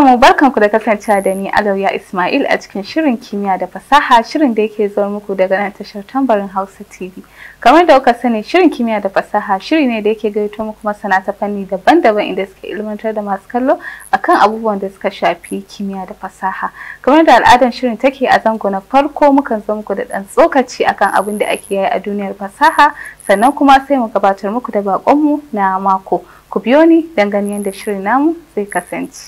mu barkanku da kasancewa da ni Alauya Ismail a cikin shirin kimiyya da fasaha shirin da yake zuwa muku daga nan tashar tambarin Hausa TV. Kamar da kuka sani shirin kimiyya da fasaha shiri ne da yake gaito muku masana ta fanni daban-daban inda suke ilmantar da masu kallo akan abubuwan da suka shafi kimiyya da fasaha. Kamar da al'adan shirin take a zango na farko mukan zo muku da dan tsokaci akan abin da ake yi a duniyar fasaha sannan kuma sai mu gabatar muku da mu na mako. Kupioni danganyende shuri namu zikasenti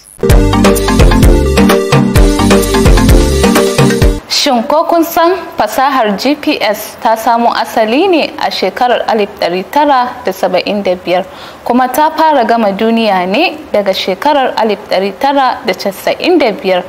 Shin ko kun san fasahar GPS ta samo asali ne a shekarar 1975 kuma ta fara gama duniya ne daga shekarar 1995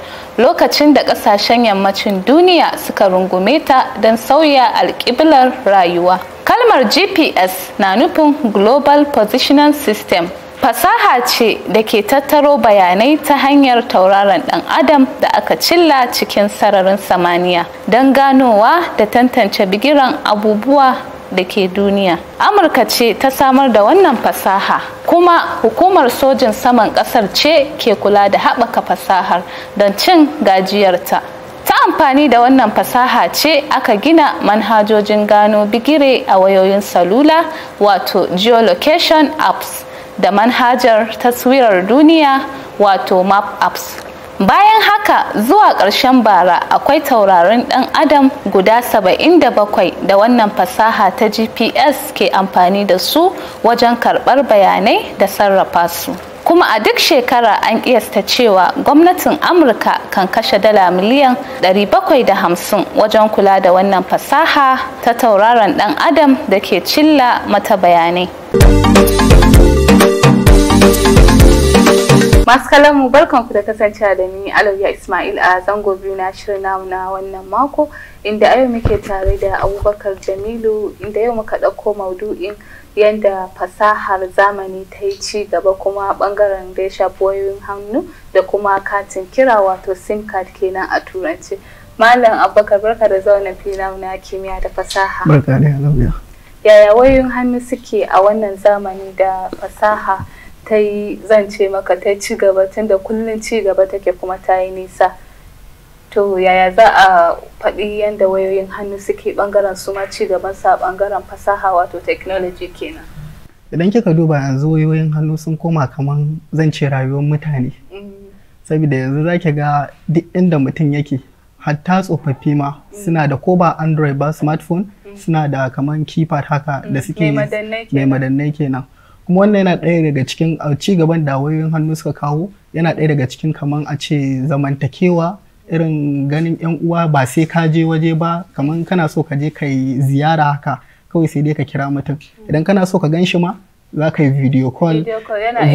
lokacin da kasashen yammacin duniya suka rungume ta don sauya alƙiblar rayuwa. Kalmar GPS na nufin Global Positioning System fasaha ce da ke tattaro bayanai ta hanyar tauraron dan adam da aka cilla cikin sararin samaniya don ganowa da tantance bigiran abubuwa da ke duniya amurka ce ta samar da wannan fasaha kuma hukumar sojin saman kasar ce ke kula da haɓaka fasahar don cin gajiyarta ta amfani da wannan fasaha ce aka gina manhajojin gano bigire a wayoyin salula wato geolocation apps da manhajar taswirar duniya wato map apps bayan haka zuwa ƙarshen bara akwai tauraron ɗan adam guda 77 da wannan fasaha ta gps ke amfani da su wajen karɓar bayanai da sarrafa su kuma a duk shekara an kiyasta cewa gwamnatin amurka kan kashe dala miliyan 750 wajen kula da wannan fasaha ta tauraron ɗan adam da ke cilla mata bayanai Masu barkan barkanku da kasancewa da ni Alawiya Ismail a zango biyu na shirin namu na wannan mako inda yau muke tare da Abubakar Jamilu inda yau muka ɗauko maudu'in yadda fasahar zamani ta yi ci gaba kuma bangaren da ya shafi wayoyin hannu da kuma katin kira wato sim card kenan a turanci. Malam Abubakar barka da zaune fina na kimiyya da fasaha. Yaya wayoyin hannu suke a wannan zamani da fasaha? ta yi zan ce maka ta ci gaba tunda kullum ci gaba take kuma ta yi nisa to yaya za a faɗi yadda wayoyin hannu suke ɓangaren su ma ci gaban sa ɓangaren fasaha wato technology kenan idan kika duba yanzu wayoyin hannu sun koma kaman zan ce rayuwar mutane mm. saboda yanzu za ga duk inda mutum yake hatta tsofaffi ma mm. suna da ko ba android ba smartphone mm. suna da kaman keypad haka da suke mai madannai kenan kuma wannan yana ɗaya daga cikin ci gaban da wayoyin hannu suka kawo yana ɗaya daga cikin kaman a ce zamantakewa irin ganin yan uwa ba sai ka je waje ba kaman kana so ka je ka ziyara haka kawai sai dai ka kira mutum idan kana so ka gan shi ma za ka yi video call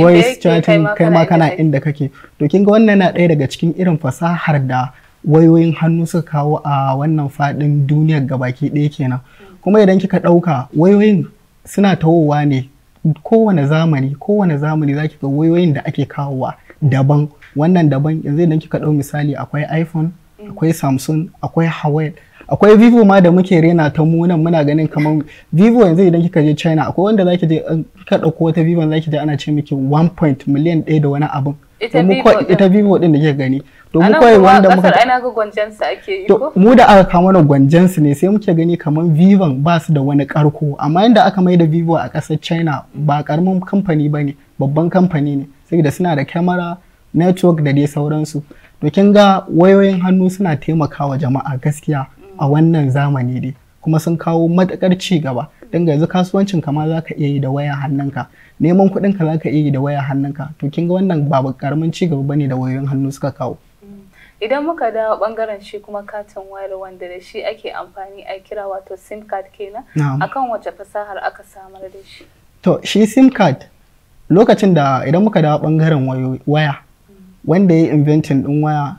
voice chatting kai ma kana inda kake to kin ga wannan yana ɗaya daga cikin irin fasahar da wayoyin hannu suka kawo a wannan faɗin duniyar gabaki ɗaya kenan kuma idan kika ɗauka wayoyin suna tawowa ne kowane zamani kowane zamani zaki ga wayoyin da ake kawowa daban wannan daban yanzu idan kika ɗau misali akwai iphone mm. akwai samsung akwai huawei akwai vivo ma da muke rena ta mu nan muna ganin kamar vivo yanzu idan kika je china akwai wanda zaki je kika ɗauko wata vivo zaki je ana ce miki 1 point miliyan ɗaya da wani abin ita vivo din da ke gani to mu kawai wanda muka ana ga gwanjansu ake yi ko mu da aka kama kawo mana su ne sai muke gani kamar vivan ba su da wani karko amma yanda aka mai da vivo a kasar china ba karamin kamfani bane babban kamfani ne saboda suna da kyamara network da dai sauransu to kin ga wayoyin hannu suna taimakawa jama'a gaskiya a wannan zamani dai kuma sun kawo matakar ci gaba dan ga yanzu kasuwancin kama zaka iya yi da wayan hannunka neman kuɗin ka zaka iya da wayar hannunka to kin ga wannan ba karamin ci gaba bane da wayoyin hannu suka kawo mm. idan muka dawo bangaren shi kuma katin wayar wanda da shi ake amfani a kira wato sim card kenan akan wace fasahar aka samar da shi to shi sim card lokacin da idan muka dawo bangaren waya mm. wanda ya inventin din waya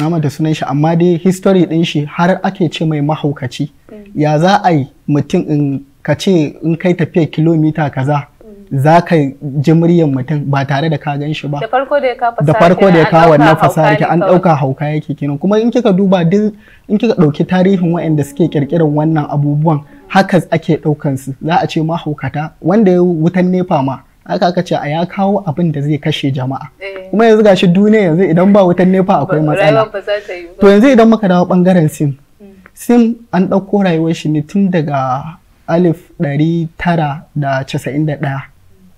nama da sunan shi amma dai history din shi har ake ce mai mahaukaci mm. ya za a yi mutum in ka ce in kai tafiya kilomita kaza za ka ji muryan mutum ba tare da ka gan shi ba da farko da ya kawo wannan fasaha ki an ɗauka hauka yake kenan kuma in kika duba duk in kika ɗauki tarihin waɗanda suke ƙirƙirar wannan abubuwan haka ake ɗaukan su za a ce ma haukata wanda ya wutan nefa ma haka aka ce a ya kawo abin da zai kashe jama'a eh. kuma yanzu gashi duniya yanzu idan ba wutan nefa akwai matsala to yanzu idan muka dawo bangaren sim hmm. sim an ɗauko rayuwar shi ne tun daga alif ɗari tara da casa'in da ɗaya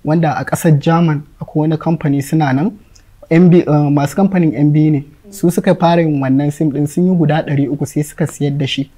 wanda a kasar german akwai wani kamfani suna nan eh, masu kamfanin mb ne su suka fara yin wannan sim din sun yi guda 300 sai suka siyar da shi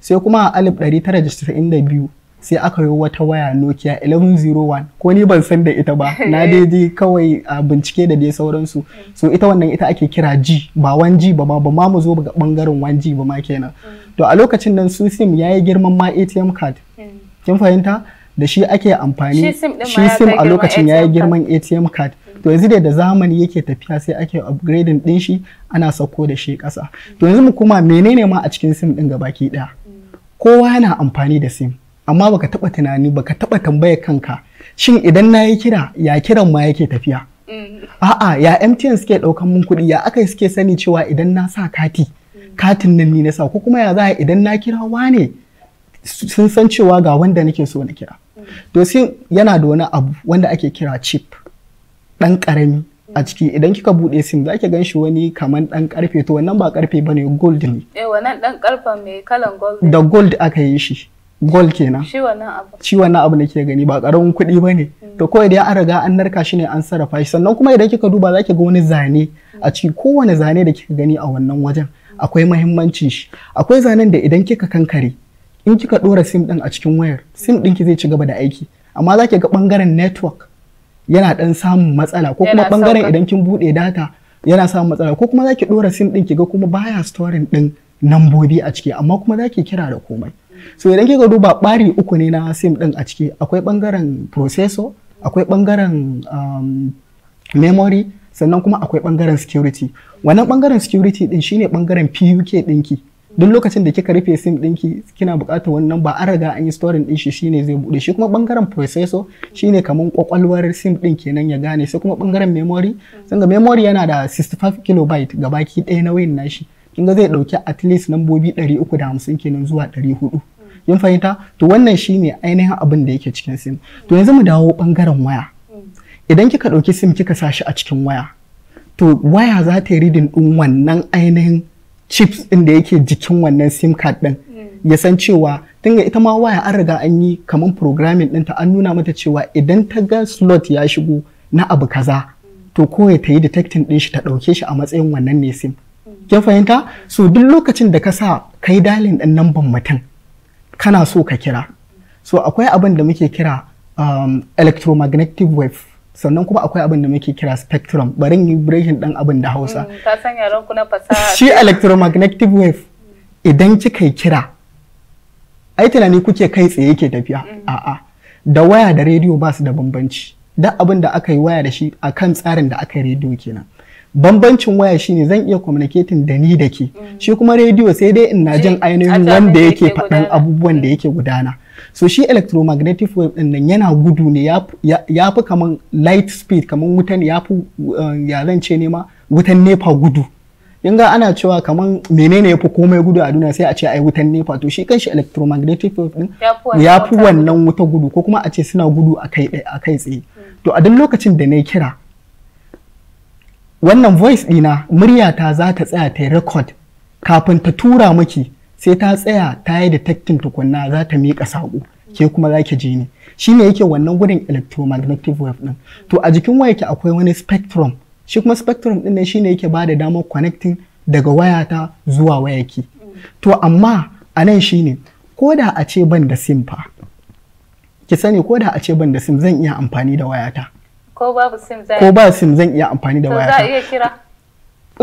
sai kuma a 1992 sai aka yi wata waya nokia 1101 ko ni ban san da ita ba na daidai kawai a ah, bincike da dai sauransu so ita wannan ita ake kira g ba wanji g ba ba ma mu zo ga bangaren wanji g ba ma kenan mm. to a lokacin nan su sim ya yi girman ma atm card mm. kin fahimta da shi ake amfani shi sim a lokacin ya yi girman atm card to yanzu da zamani yake tafiya sai ake upgrading din shi ana sauko da shi kasa to yanzu mu kuma menene ma a cikin sim din gabaki daya kowa yana amfani da sim amma baka taba tunani baka taba tambayar kanka shin idan na yi kira ya kiran ma yake tafiya mm. a'a ya MTN suke ɗaukan mun kuɗi ya aka suke sani cewa idan na sa kati katin nan ni na sa ko kuma ya za idan na kira wane sun san cewa ga wanda nake so na kira dosin yana da wani abu wanda ake kira chip ɗan ƙarami a ciki idan kika buɗe sim za ki ganshi wani kaman ɗan ƙarfe to wannan ba ƙarfe bane gold ne. Eh wannan ɗan ƙarfen mai kalan gold. Da gold aka yi shi. Gold kenan. Shi wannan abu. Shi wannan abu nake gani ba ƙaramin kuɗi bane. da mm. To kawai da an riga an narka shi ne an sarrafa shi sannan kuma idan kika duba za ki ga wani zane a ciki kowane zane da kika gani a wannan wajen akwai mahimmancin shi akwai zanen da idan kika kankare in kika dora sim ɗin a cikin wayar sim ki zai ci gaba da aiki amma za ki ga ɓangaren network yana ɗan samun matsala ko kuma ɓangaren idan kin buɗe data yana samun matsala ko kuma za ki ɗora sim ɗin ki ga kuma baya storing ɗin nambobi a ciki amma kuma za ki kira da komai so idan kika duba ɓari uku ne na sim ɗin a ciki akwai ɓangaren processor akwai ɓangaren um, memory sannan kuma akwai ɓangaren security wannan ɓangaren security ɗin shine ɓangaren puk ɗinki duk lokacin da kika rufe sim ɗinki kina buƙatar wannan ba an riga an yi storing din shi shine zai buɗe shi kuma ɓangaren processor shine kaman kwakwalwar sim ɗin kenan ya gane sai kuma bangaren memory sanga ga memory yana da 65 kilobyte gabaki ɗaya wayin nashi kin ga zai ɗauki at least lambobi 350 kenan zuwa 400 Kin fahimta to wannan shine ainihin abin da yake cikin sim to yanzu mu dawo bangaren waya idan kika ɗauki sim kika sa shi a cikin waya to waya za ta yi reading ɗin wannan ainihin chips ɗin da yake jikin wannan sim card din mm. ya san cewa tun ita ma waya an riga an yi kaman programming din ta an nuna mata cewa idan ta ga slot ya shigo na abu kaza to ko ya ta yi detecting din shi ta ɗauke shi a matsayin wannan ne sim mm. kin fahimta so duk lokacin da ka sa kai dalin ɗin namban mutum kana so ka kira so akwai abin da muke kira um, electromagnetic wave sannan kuma akwai abin da muke kira spectrum barin yi dan abin da hausa ta mm, san yaran na fasaha shi electromagnetic wave idan kika kira ai tunani kuke kai tsaye yake tafiya mm. a'a da waya da rediyo ba su da bambanci da abin da aka yi waya da shi a kan tsarin da aka yi rediyo kenan bambancin waya shine zan iya communicating da ni da ke mm. shi kuma rediyo sai dai ina jin ainihin wanda yake faɗan abubuwan da yake gudana so shi electromagnetic wave din nan yana gudu ne ya fi kaman light speed kaman wutan ya fi eh, ya zance ne ma wutan nepa gudu in ga ana cewa kaman menene ya fi komai gudu a duniya sai a ce ai wutan nepa to shi kanshi electromagnetic wave din ya fi wannan wuta gudu ko kuma a ce suna gudu a kai tsaye hmm. to a duk lokacin da na kira wannan voice dina muryata za ta tsaya ta record kafin ta tura maki sai ta tsaya ta yi detecting tukunna za ta miƙa saƙo ke kuma za ki ji ne shi ne yake wannan gudun electromagnetic wave din to a jikin waya ke akwai wani spectrum shi kuma spectrum din nan ne yake bada damar connecting daga wayata zuwa wayaki to amma a nan shi ne, ko da a ce ban da sim fa ki sani ko da a ce ban da sim zan iya amfani da wayata ko ko ba sim zan iya amfani da wayata to za iya kira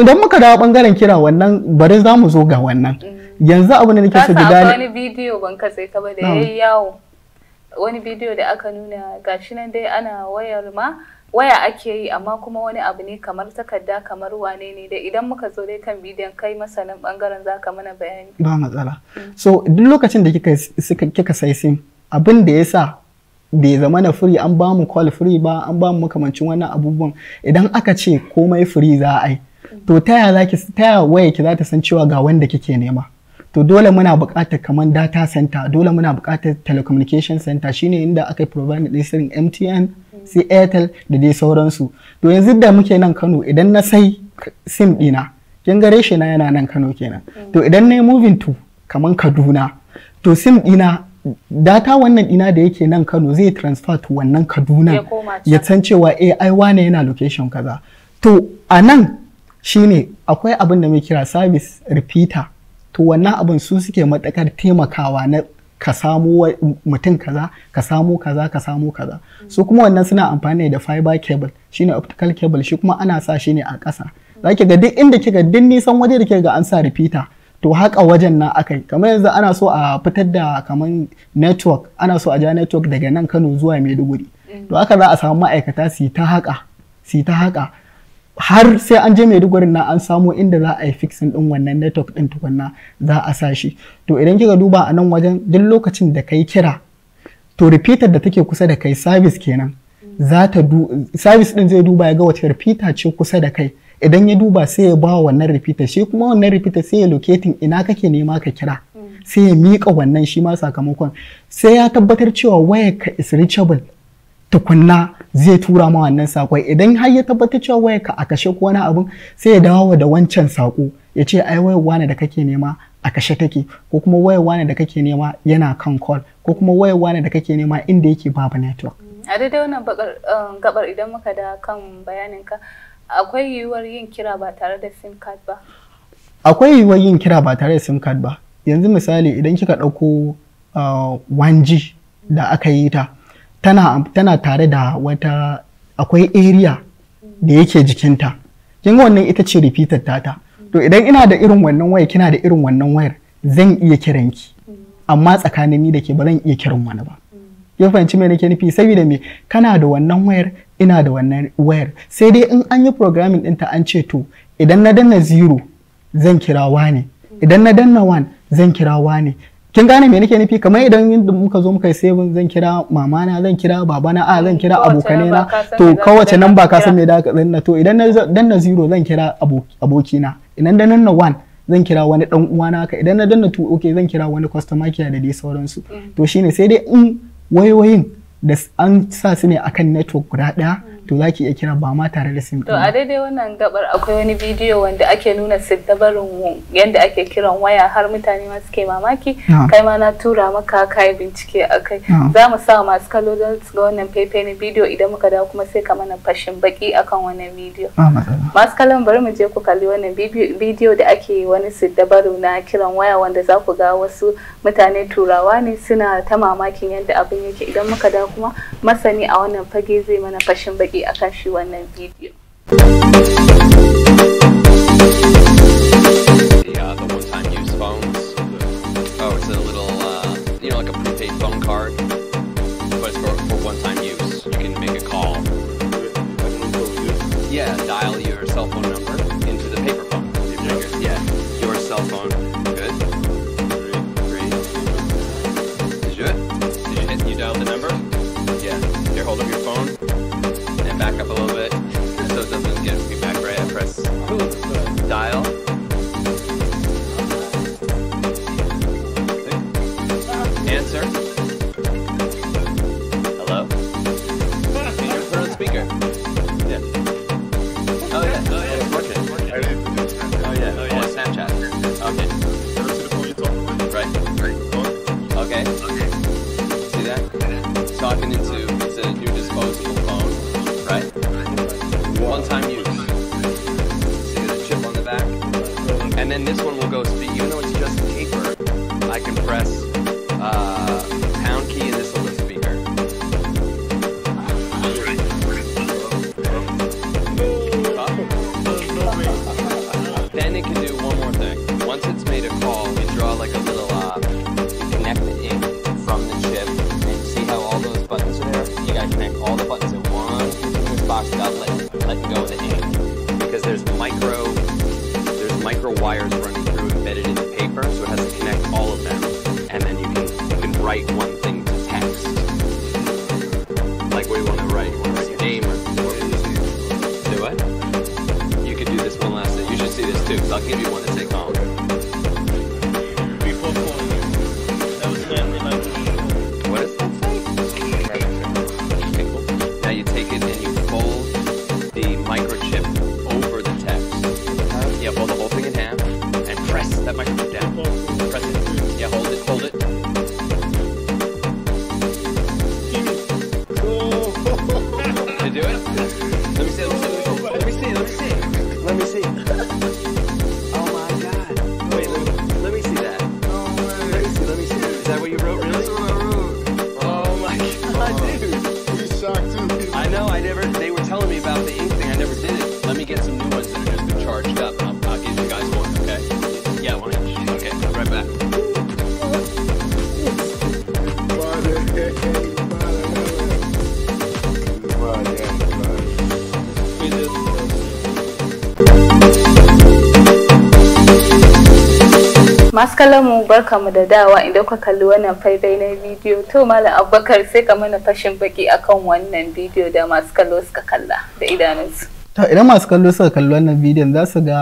idan muka dawo bangaren kira wannan bari za mu zo ga wannan mm. yanzu abu ne nake so da dani wani bidiyo ban katse ka ba da yayi yawo wani bidiyo da aka nuna gashi nan dai ana wayar ma waya ake yi amma kuma wani abu ne kamar takarda kamar wane ne da idan muka zo dai kan bidiyon kai masanin bangaren zaka mana bayani ba matsala mm. so duk lokacin da kika kika sai sim abin da yasa bai zama na free an ba mu call free ba an ba mu makamancin wannan abubuwan idan aka ce komai free za a yi mm. to ta yaya waya ki za ta san cewa ga wanda kike nema to dole muna buƙatar kamar data center dole muna buƙatar telecommunication center shine inda aka provide da sirrin MTN sai Airtel da dai sauransu to yanzu da muke nan Kano idan na sai sim ɗina kin gare shi na yana nan Kano kenan to idan na yi moving to kamar Kaduna to sim ɗina data wannan ɗina da yake nan Kano zai transfer to wannan Kaduna ya san cewa eh, ai wane yana location kaza to a nan shine akwai abin da mai kira service repeater to wannan abin su suke matakar taimakawa na ka samu mutum kaza ka samu kaza ka samu kaza su kuma wannan suna amfani da fiber cable shine optical cable shi kuma ana sa shi ne a ƙasa zaki ga duk inda kika duk nisan waje da kika ga an sa repeater to haka wajen na akai kamar yanzu ana so a fitar da kamar network ana so a ja network daga nan Kano zuwa Maiduguri to haka za a samu ma'aikata su ta haka su ta haka har sai an je Maiduguri na an samo inda za a yi fixin din wannan network din tukunna za a sa shi to idan kika duba a nan wajen duk lokacin da kai kira to repeater da take kusa da kai service kenan za ta du service din zai duba ya ga wace repeater ce kusa da kai idan ya duba sai ya ba wannan repeater shi kuma wannan repeater sai ya locating ina kake nema ka kira sai ya mika wannan shi ma sakamakon sai ya tabbatar cewa wayar ka is reachable tukunna zai tura ma wannan sakon idan har ya tabbata cewa waya ka a kashe ko wani abin sai ya dawo da wancan sako ya ce ai waya wani da kake nema a kashe take ko kuma waya wani da kake nema yana kan call ko kuma waya wani da kake nema inda yake babu network a daidai wannan gabar um, idan muka da kan bayanin ka akwai yiwuwar yin kira ba tare da sim card ba akwai yiwuwar yin kira ba tare da sim card ba yanzu misali idan kika dauko 1G uh, da aka yi ta tana, tana tare da wata akwai area da yake jikinta kin ga wannan ita ce repeater tata to idan ina da irin wannan waya kina da irin wannan wayar zan iya kiranki amma tsakanin ni da ke ba zan iya kiran wani ba ya fahimci me nake nufi saboda me kana da wannan wayar ina da wannan wayar sai dai in an yi programming ɗinta an ce to idan na danna zero zan kira wani idan na danna one zan kira wani kin gane me nake nufi kamar idan muka zo muka yi saving zan kira mamana zan kira babana a zan kira abokane na to kowace namba ka san me da ka danna to idan na zero zan kira abokina idan da na one zan kira wani dan uwana ka idan na danna two okay zan kira wani customer care da dai sauransu mm. to shine sai dai in wayoyin da an sa su ne akan network guda daya mm. to za ki iya kira ba ma tare da sim to a daidai wannan gabar akwai wani bidiyo wanda ake nuna siddabarin yadda ake kiran waya har mutane ma suke mamaki ah. kai ma na tura maka kai bincike ah. akai za mu sa masu kallo don su ga wannan fefe na bidiyo idan muka dawo kuma sai ka mana fashin baki akan wannan bidiyo ah, masu kallon bari mu je ku kalli wannan bidiyo da ake wani siddabaru na kiran waya wanda za ku ga wasu mutane turawa ne suna ta mamakin yadda abin yake idan muka dawo kuma masani a wannan fage zai mana fashin baki Kennedy akashi wannan bidiyo. The, uh, the one-time use phones. Oh, it's a little, uh, you know, like a prepaid phone card, but it's for, for one-time use. You can make a call. Yeah, dial your cell phone number into the paper phone. Your yeah, your cell phone. Good. Three, three. Did you? Did you hit? You dialed the number? Yeah. Here, hold up your phone. style. Let me see. masu kallon mu barka mu da dawa idan ka kalli wannan faifai na bidiyo to malam abubakar sai ka mana fashin baki akan wannan bidiyo da masu kallo suka kalla da idanunsu to idan masu kallo suka kalli wannan bidiyon za su ga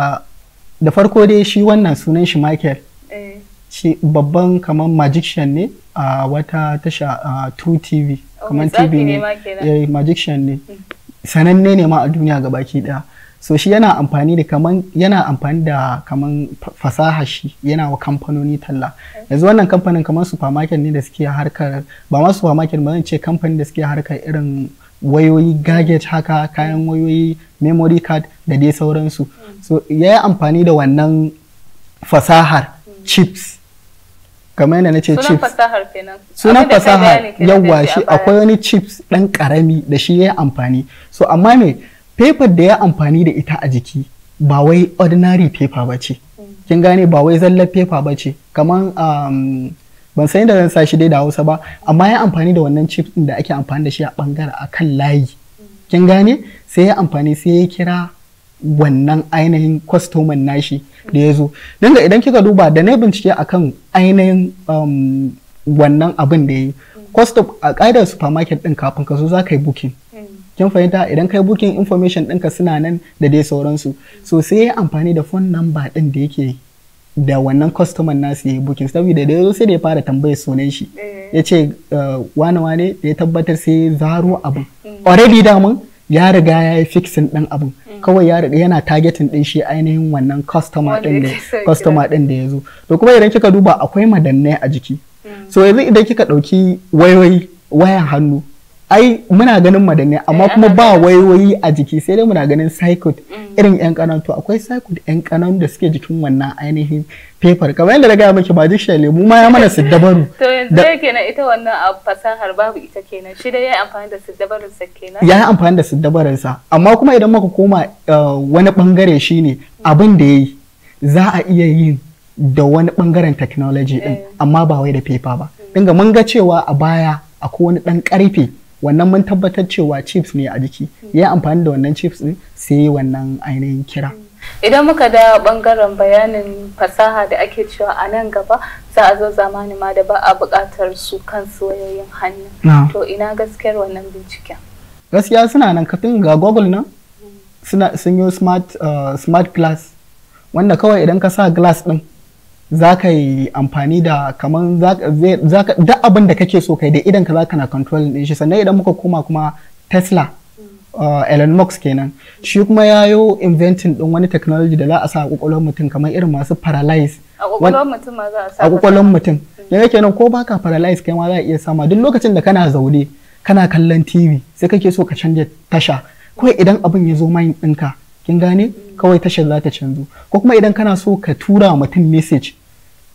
da farko dai shi wannan sunan shi michael eh. shi babban kamar magician ne a wata tasha a 2 tv kamar tv ne eh, magician ne hmm. sananne ne ma a duniya gabaki daya so shi yana amfani da kaman yana amfani da kaman fasaha shi yana wa kamfanoni talla yanzu wannan kamfanin kaman supermarket ne da suke harkar ba ma supermarket ba zan ce kamfanin da suke harkar irin wayoyi gadget haka kayan wayoyi memory card da dai sauransu so ya yi amfani da wannan fasahar chips kamar yadda na ce chips sunan fasahar yawwa shi akwai wani chips dan karami da shi ya yi amfani so amma me fefar da ya amfani da ita a jiki ba wai ordinary paper ba ce kin gane ba wai zallar paper ba ce Kaman um, ban san da zan sa shi dai da hausa ba amma ya amfani da wannan chip da ake amfani da shi a bangare a kan layi kin gane sai ya amfani sai ya kira wannan ainihin kwastoman nashi da ya zo dinga idan kika duba da na bincike akan ainihin um, wannan abin da ya yi kwastom a ƙa'idar supermarket ɗin kafin ka zo za ka yi booking kin fahimta idan kai booking information ɗinka suna nan da dai sauransu so sai ya amfani da phone number ɗin da yake da wannan customer nasu ya yi booking saboda da yazo sai da ya fara tambayar sunan shi eh. ya ce eh, wane wane da ya tabbatar sai zaro abin mm. already daman ya riga ya yi fixing ɗin abin mm. kawai ya riga yana targeting ɗin shi ainihin wannan customer ɗin customer ɗin da ya zo to kuma idan kika duba akwai madannai a jiki mm. so yanzu idan kika ɗauki wayoyi wayan hannu ai muna ganin madanne amma eh, kuma ba wayoyi a jiki sai dai muna ganin cycle mm. irin yan kanan to akwai cycle yan kanan da suke jikin wannan ainihin paper kamar yadda daga miki ba duk mu ma ya mana siddabaru to yanzu yake na ita wannan fasahar babu ita kenan shi dai ya amfani da siddabarin sa kenan ya amfani da siddabarin sa amma kuma idan muka koma eh, wani bangare shine abin da yayi za a iya yin da wani bangaren technology din eh. amma ba wai da paper ba mm. dinga mun ga cewa a baya akwai wani dan karfe wannan mun tabbatar cewa chips ne a jiki ya amfani da wannan chips ne sai wannan ainihin kira idan muka da bangaren bayanin fasaha da ake cewa a nan gaba za a zo zamani ma da ba a buƙatar su kan wayoyin hannu to ina gaskiyar wannan binciken gaskiya suna nan kafin ga google nan mm. sun yi uh, smart glass wanda kawai idan ka sa glass din za ka yi amfani da kaman za ka duk abin da kake so kai da idan ka za ka na control din shi sannan idan muka koma kuma tesla uh, Elon Musk kenan shi kuma ya yi inventing din wani technology da za a sa a kwakwalwar mutum kamar irin masu paralyze a kwakwalwar mutum ma za a mm. kenan ko baka paralyze kai ma za a iya sama duk lokacin da kana zaune kana kallon TV sai kake so ka canja tasha kawai idan abin ya zo mayin ɗinka kin gane mm. kawai tashar za ta canzo ko kuma idan kana so ka tura mutum message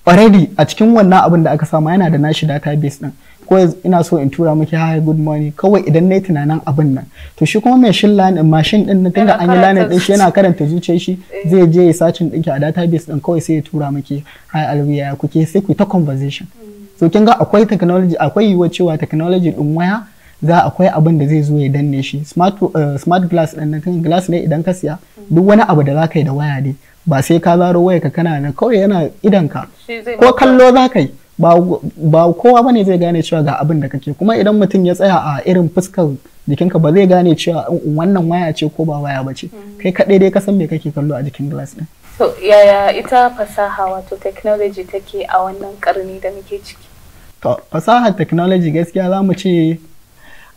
already a cikin wannan abin da aka samu yana da nashi database din ko ina so in tura miki hi good morning kawai idan na yi tunanin abin nan to shi kuma machine learning mashin din tun da an yi learning din shi yana karanta zuciyar shi eh. zai je ya sacin dinki a database din kawai sai ya tura miki hi alwiya kuke sai ku ta conversation mm. so kin ga akwai technology akwai yiwuwar cewa technology din waya za akwai abin da zai zo ya danne shi smart uh, glass din nan glass ne idan ka siya duk wani abu da za ka yi da waya ne ba sai ka zaro waya ka kana nan kawai yana idan ka ko kallo za ka yi ba kowa bane zai gane cewa ga abin da kake kuma idan mutum ya tsaya a irin fuskar jikinka ba zai gane cewa oh, wannan waya ce ko ba waya ba ce hmm. kai kaɗai dai ka san me kake kallo a jikin glass din. so yaya ita fasaha wato technology take a wannan karni da muke ciki to fasahar technology gaskiya za mu ce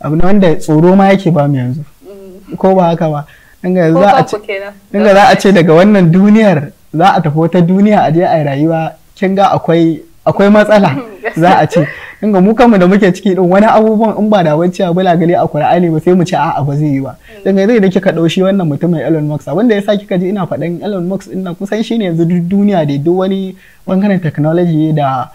abu ne wanda tsoro ma yake ba mu yanzu mm. ko ba haka ba inga za a ce daga wannan duniyar za a tafi wata duniya a je a rayuwa kin ga akwai matsala mm, za a ce inga mu kanmu da muke ciki din wani abubuwan in ba da wacce a bula a Qur'ani ba sai mu ce a'a ba zai yi ba daga zai da kika daushi wannan mutumin Elon Musk wanda yasa kika je ina faɗan Elon Musk na kusan shine yanzu duk duniya da duk wani bangaren technology da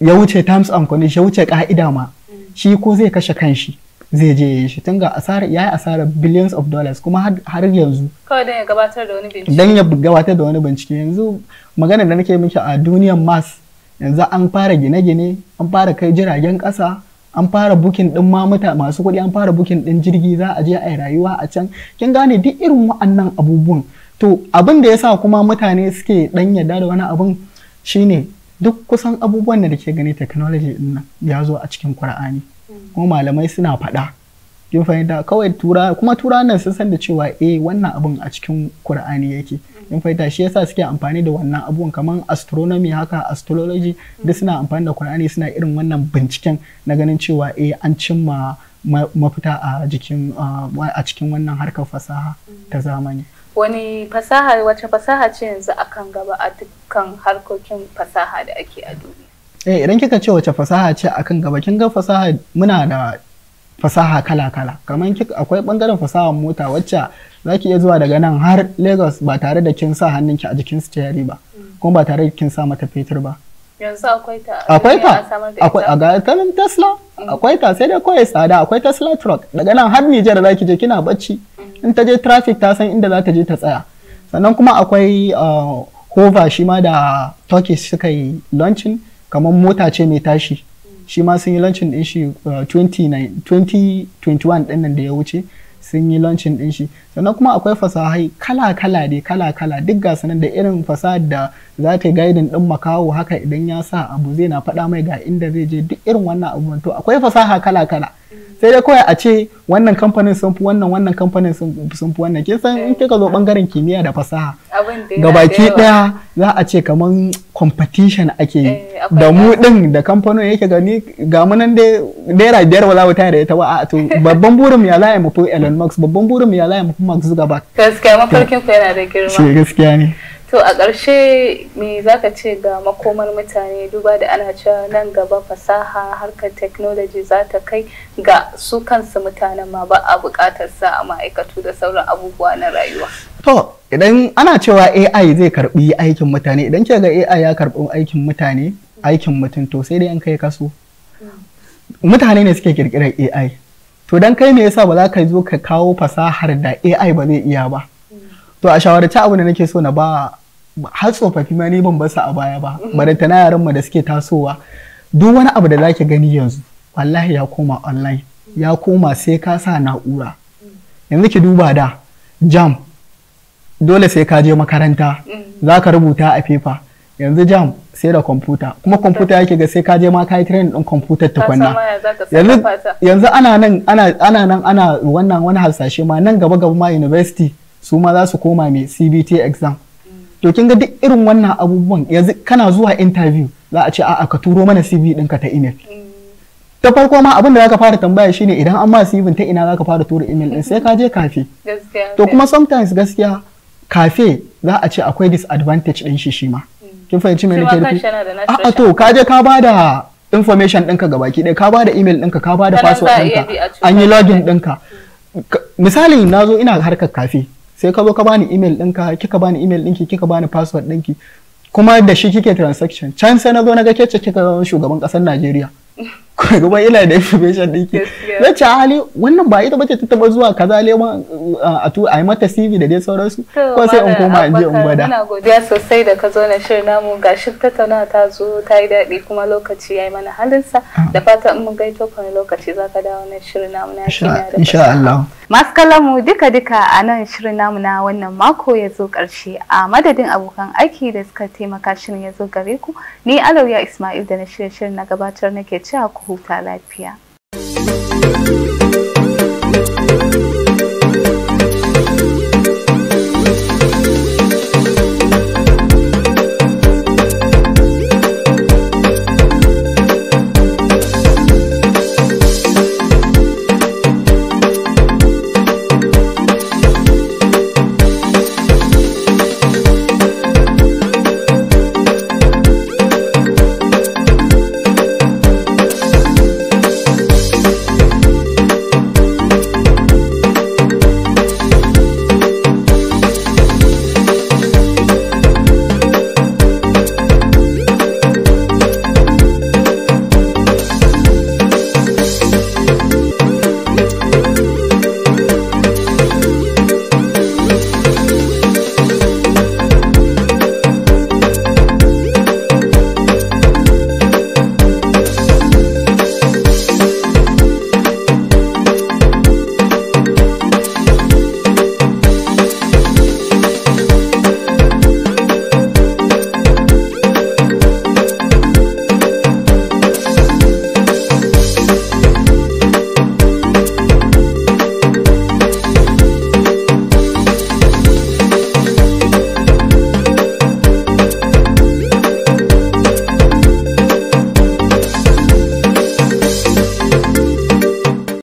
ya wuce terms and conditions ya wuce ka'ida ma mm. shi ko zai kashe kanshi zai je ya yi shi tun ga asara ya yi asara billions of dollars kuma har yanzu kawai don ya gabatar da wani bincike Don ya gabatar da wani bincike yanzu magana da nake miki a duniyar mass yanzu an fara gine-gine an fara kai jiragen kasa, an fara bukin din mamuta masu kuɗi an fara bukin din jirgi za a je a yi rayuwa a can kin gane duk irin wa'annan abubuwan to abin da ya sa kuma mutane suke dan yarda da wani abin shine duk kusan abubuwan da ke gani technology ya zo a cikin Qur'ani kuma malamai suna faɗa kin fahimta kawai tura kuma tura nan sun san da cewa eh wannan abun a cikin Qur'ani yake kin fahimta shi yasa suke amfani da wannan abun kamar astronomy haka astrology duk suna amfani da Qur'ani suna irin wannan binciken na ganin cewa eh an cimma mafita a jikin a cikin wannan harkar fasaha ta zamani wani fasaha wace fasaha ce yanzu akan gaba a dukkan harkokin fasaha da ake a duniya eh idan kika ce wace fasaha ce akan gaba kin ga fasaha muna da fasaha kala-kala kamar kika akwai bangaren fasahar mota wacce za ki iya zuwa daga nan har lagos ba tare da kin sa hannunki a jikin stiyari ba kuma ba tare da kin sa mata fetur ba yanzu akwai ta akwai ta akwai a ga tesla mm. akwai ta sai dai kawai tsada akwai tesla truck daga nan har nijar za ki je kina bacci mm. in ta je traffic ta san inda za ta je ta tsaya sannan kuma akwai ah, hova shi ma da turkish suka yi launching kamar mota ce mai tashi shi ma sun yi launching din shi 2021 uh, din da ya wuce sun yi launching din shi sannan kuma akwai fasahai kala-kala dai kala-kala duk ga sanan da irin fasahar da za ta gaidin din makaho haka idan ya sa abu zai na faɗa mai ga inda zai je duk irin wannan abubuwan to akwai fasaha kala-kala sai dai kawai a ce wannan kamfanin sun fi wannan wannan kamfanin sun fi wannan kin san in kika zo bangaren eh. kimiyya da fasaha ga baki daya za a ce kaman competition ake yi eh, da mu din da kamfanin yake gani ga mu nan dai naira biyar ba za mu tare da ita ba a to babban burin ya laye mu fi Elon Musk babban burin ya laye mu fi Mark Zuckerberg gaskiya mafarkin ku yana da girma shi gaskiya ne to a ƙarshe me za ka ce ga makomar mutane duba da ana cewa nan gaba fasaha harkar technology za ta kai ga su kansu mutanen ma ba a buƙatar sa a ma'aikatu da sauran abubuwa na rayuwa to idan ana cewa AI zai karbi aikin mutane idan ke ga AI ya karbi aikin mutane aikin mutum to sai dai an kai kaso mutane ne suke kirkirar AI to dan kai me yasa ba za ka zo ka kawo fasahar da AI ba zai iya ba to a shawarci abu da nake so na ba har tsofaffi ma ni ban basu a baya ba mm-hmm. na yaran mu da suke tasowa duk wani abu da zaki gani yanzu wallahi ya koma online ya koma sai ka sa na'ura mm. yanzu ki duba da jam dole sai ka je makaranta mm. za ka rubuta a fefa yanzu jam sai da kwamfuta kuma kwamfuta yake ga sai ka je ma kai training din kwamfutar tukunna yanzu ana nan ana nan ana wannan wani hasashe ma nan gaba gaba ma university su ma za su koma mai CBT exam to kin ga duk irin wannan abubuwan yanzu kana zuwa interview za a ce a'a ka turo mana CV ɗinka ta email ta farko ma abin da zaka fara tambaya shine idan an ma CV ta ina zaka fara tura email din sai ka je kafe to kuma sometimes gaskiya kafe za a ce akwai disadvantage din shi shi ma kin fahimci me nake nufi a'a to ka je ka bada information ɗinka baki ɗaya ka bada email ɗinka ka bada password ɗinka an yi login ɗinka misali na zo ina harkar kafe sai ka zo ka bani email ɗinka kika bani email ɗinki kika bani password ɗinki kuma da shi kike transaction can sai na zo na ga kece kika shugaban ƙasar Najeriya kuma ina da information ɗinki na a hali wannan ba ita bace ta taba zuwa kaza leman a tu a yi mata cv da dai sauransu ko sai in koma in je in gwada ina godiya sosai da ka zo na shirin namu gashi tattauna ta zo ta yi daɗi kuma lokaci ya yi mana halinsa ah. da fata in mun gaito ka lokaci za ka dawo na shirin namu na insha Allah masu kallon mu duka duka a nan shirin namu na wannan mako ya zo ƙarshe a madadin abokan aiki da suka taimaka shirin ya zo gare ku ni alauya Ismail da na shirye shirin na gabatar nake cewa ku huta lafiya.